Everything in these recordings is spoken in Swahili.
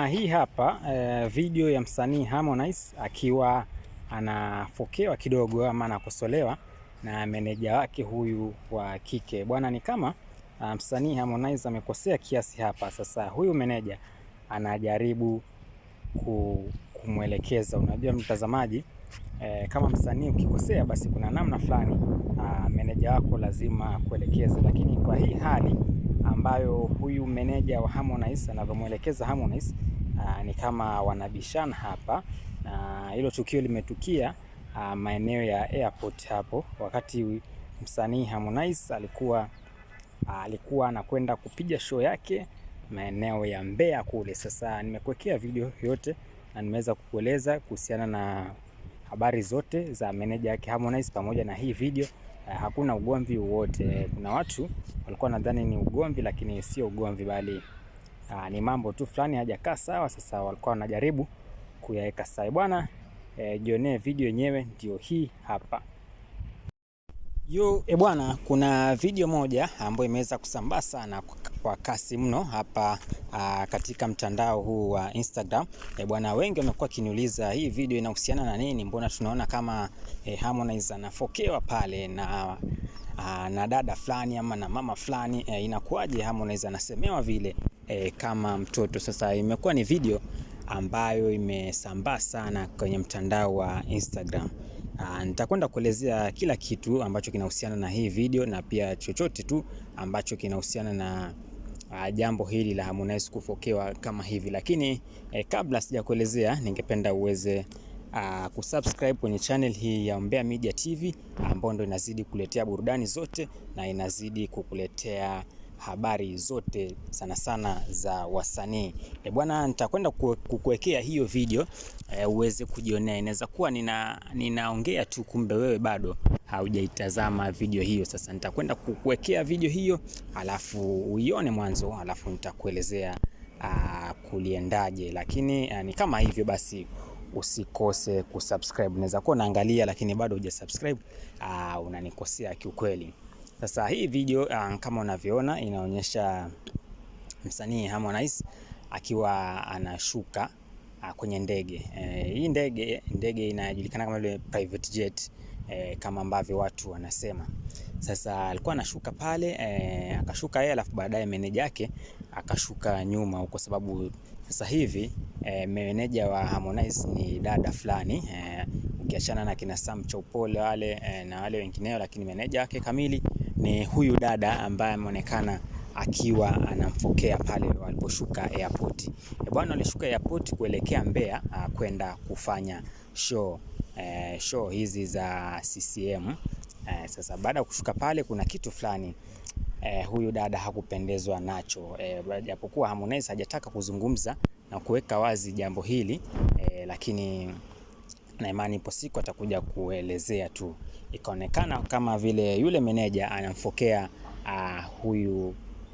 Na ah, hii hapa eh, video ya msanii Harmonize akiwa anafokewa kidogo ama anakosolewa na meneja wake huyu wa kike. Bwana, ni kama ah, msanii Harmonize amekosea kiasi hapa. Sasa huyu meneja anajaribu kumwelekeza. Unajua mtazamaji eh, kama msanii ukikosea, basi kuna namna fulani ah, meneja wako lazima kuelekeza, lakini kwa hii hali ambayo huyu meneja wa Harmonize anavyomwelekeza Harmonize Ah, ni kama wanabishana hapa na hilo tukio limetukia aa, ah, maeneo ya airport hapo, wakati msanii Harmonize alikuwa aa, ah, alikuwa anakwenda kupiga show yake maeneo ya Mbeya kule. Sasa nimekuwekea video yote na nimeweza kukueleza kuhusiana na habari zote za meneja yake Harmonize pamoja na hii video. Uh, hakuna ugomvi wote. Kuna watu walikuwa nadhani ni ugomvi, lakini sio ugomvi bali Aa, ah, ni mambo tu fulani hajakaa sawa, sasa walikuwa wanajaribu kuyaweka sawa eh, bwana. E, jionee video yenyewe ndio hii hapa. Yo, e bwana, kuna video moja ambayo imeweza kusambaa sana kwa kasi mno hapa a, ah, katika mtandao huu wa Instagram. E bwana, wengi wamekuwa kiniuliza hii video inahusiana na nini, mbona tunaona kama e, Harmonize anafokewa pale na a, ah, na dada fulani ama na mama fulani e, inakuwaje Harmonize anasemewa vile? e, kama mtoto. Sasa imekuwa ni video ambayo imesambaa sana kwenye mtandao wa Instagram. Nitakwenda kuelezea kila kitu ambacho kinahusiana na hii video na pia chochote tu ambacho kinahusiana na a, jambo hili la Harmonize kufokewa kama hivi, lakini e, kabla sijakuelezea, ningependa uweze uh, kusubscribe kwenye channel hii ya Umbea Media TV ambayo ndo inazidi kuletea burudani zote na inazidi kukuletea habari zote sana sana za wasanii. E bwana, nitakwenda kukuwekea hiyo video e, uweze kujionea. Inaweza kuwa nina ninaongea tu, kumbe wewe bado haujaitazama video hiyo. Sasa nitakwenda kukuwekea video hiyo, alafu uione mwanzo, alafu nitakuelezea kuliendaje, lakini a, ni kama hivyo basi usikose kusubscribe. Unaweza kuwa unaangalia lakini bado hujasubscribe, unanikosea kiukweli. Sasa hii video um, kama unavyoona inaonyesha msanii Harmonize akiwa anashuka uh, kwenye ndege e, hii ndege ndege inajulikana kama ile private jet e, kama ambavyo watu wanasema. Sasa alikuwa anashuka pale e, akashuka yeye, alafu baadaye meneja yake akashuka nyuma, kwa sababu sasa hivi e, meneja wa Harmonize ni dada fulani e, ukiachana na kina Sam Chopole wale e, na wale wengineo, lakini meneja wake kamili ni huyu dada ambaye ameonekana akiwa anampokea pale waliposhuka airport. E bwana walishuka airport kuelekea Mbeya kwenda kufanya show, eh, show hizi za CCM. Eh, sasa baada ya kushuka pale kuna kitu fulani eh, huyu dada hakupendezwa nacho e, japokuwa eh, Harmonize hajataka kuzungumza na kuweka wazi jambo hili eh, lakini na imani ipo siku atakuja kuelezea tu. Ikaonekana kama vile yule meneja anamfokea uh, huyu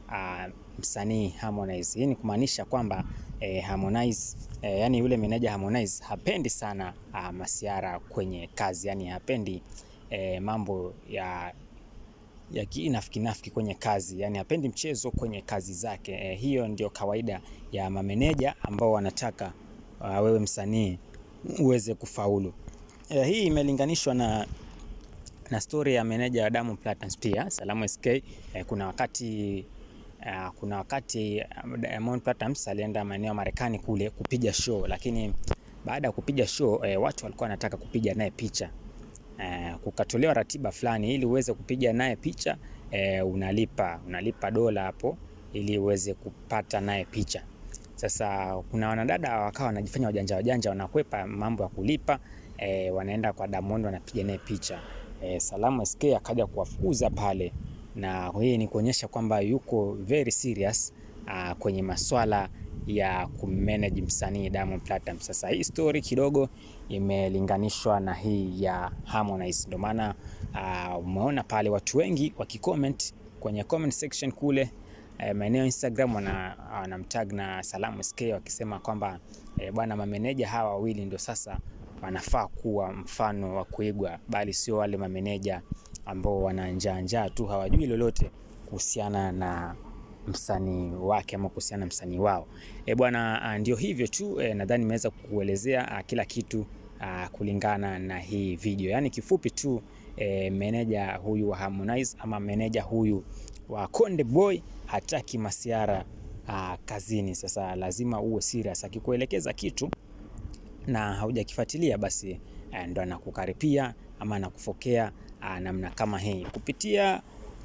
uh, msanii Harmonize. Hii ni kumaanisha kwamba eh, Harmonize eh, yani yule meneja Harmonize hapendi sana uh, masiara kwenye kazi, yani hapendi eh, mambo ya ya kinafiki nafiki kwenye kazi, yani hapendi mchezo kwenye kazi zake. Eh, hiyo ndio kawaida ya mameneja ambao wanataka uh, wewe msanii uweze kufaulu. E, hii imelinganishwa na na stori ya meneja wa Diamond Platnumz pia Salamu SK. E, eh, kuna wakati Uh, kuna wakati Diamond eh, Platnumz alienda maeneo Marekani kule kupiga show, lakini baada ya kupiga show eh, watu walikuwa wanataka kupiga naye picha eh, kukatolewa ratiba fulani ili uweze kupiga naye picha eh, unalipa unalipa dola hapo ili uweze kupata naye picha. Sasa kuna wanadada wakawa wanajifanya wajanja wajanja, wanakwepa mambo ya kulipa e, wanaenda kwa Diamond wanapiga naye picha e, Salamu SK akaja kuwafukuza pale, na yeye ni kuonyesha kwamba yuko very serious a, kwenye maswala ya kumanage msanii Diamond Platinum. Sasa hii story kidogo imelinganishwa na hii ya Harmonize, ndio maana umeona pale watu wengi wakicomment kwenye comment section kule e, maeneo ya Instagram wanamtag na Salamu SK wakisema kwamba e, bwana mameneja hawa wawili ndio sasa wanafaa kuwa mfano wa kuigwa, bali sio wale mameneja ambao wana njaa njaa tu, hawajui lolote kuhusiana na msanii wake ama kuhusiana na msanii wao. E, bwana ah, ndio hivyo tu e, nadhani nimeweza kuelezea a, ah, kila kitu a, ah, kulingana na hii video. Yaani kifupi tu e, meneja huyu wa Harmonize ama meneja huyu wa Konde Boy hataki masiara aa, ah, kazini. Sasa lazima uwe serious, akikuelekeza kitu na haujakifuatilia basi eh, ndo anakukaripia ama anakufokea ah, namna kama hii kupitia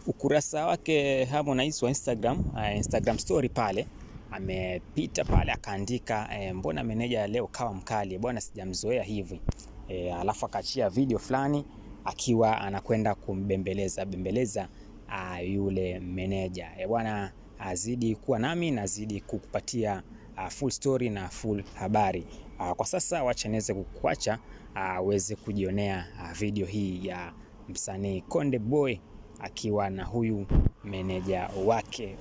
ukurasa wake Harmonize wa Instagram, eh, Instagram story pale amepita pale akaandika e, mbona meneja leo kawa mkali bwana, sijamzoea hivi e, alafu akaachia video fulani akiwa anakwenda kumbembeleza bembeleza uh, yule meneja. E bwana, azidi kuwa nami nazidi kukupatia uh, full story na full habari. Uh, kwa sasa wacha niweze kukuacha aweze uh, kujionea uh, video hii ya msanii Konde Boy akiwa na huyu meneja wake.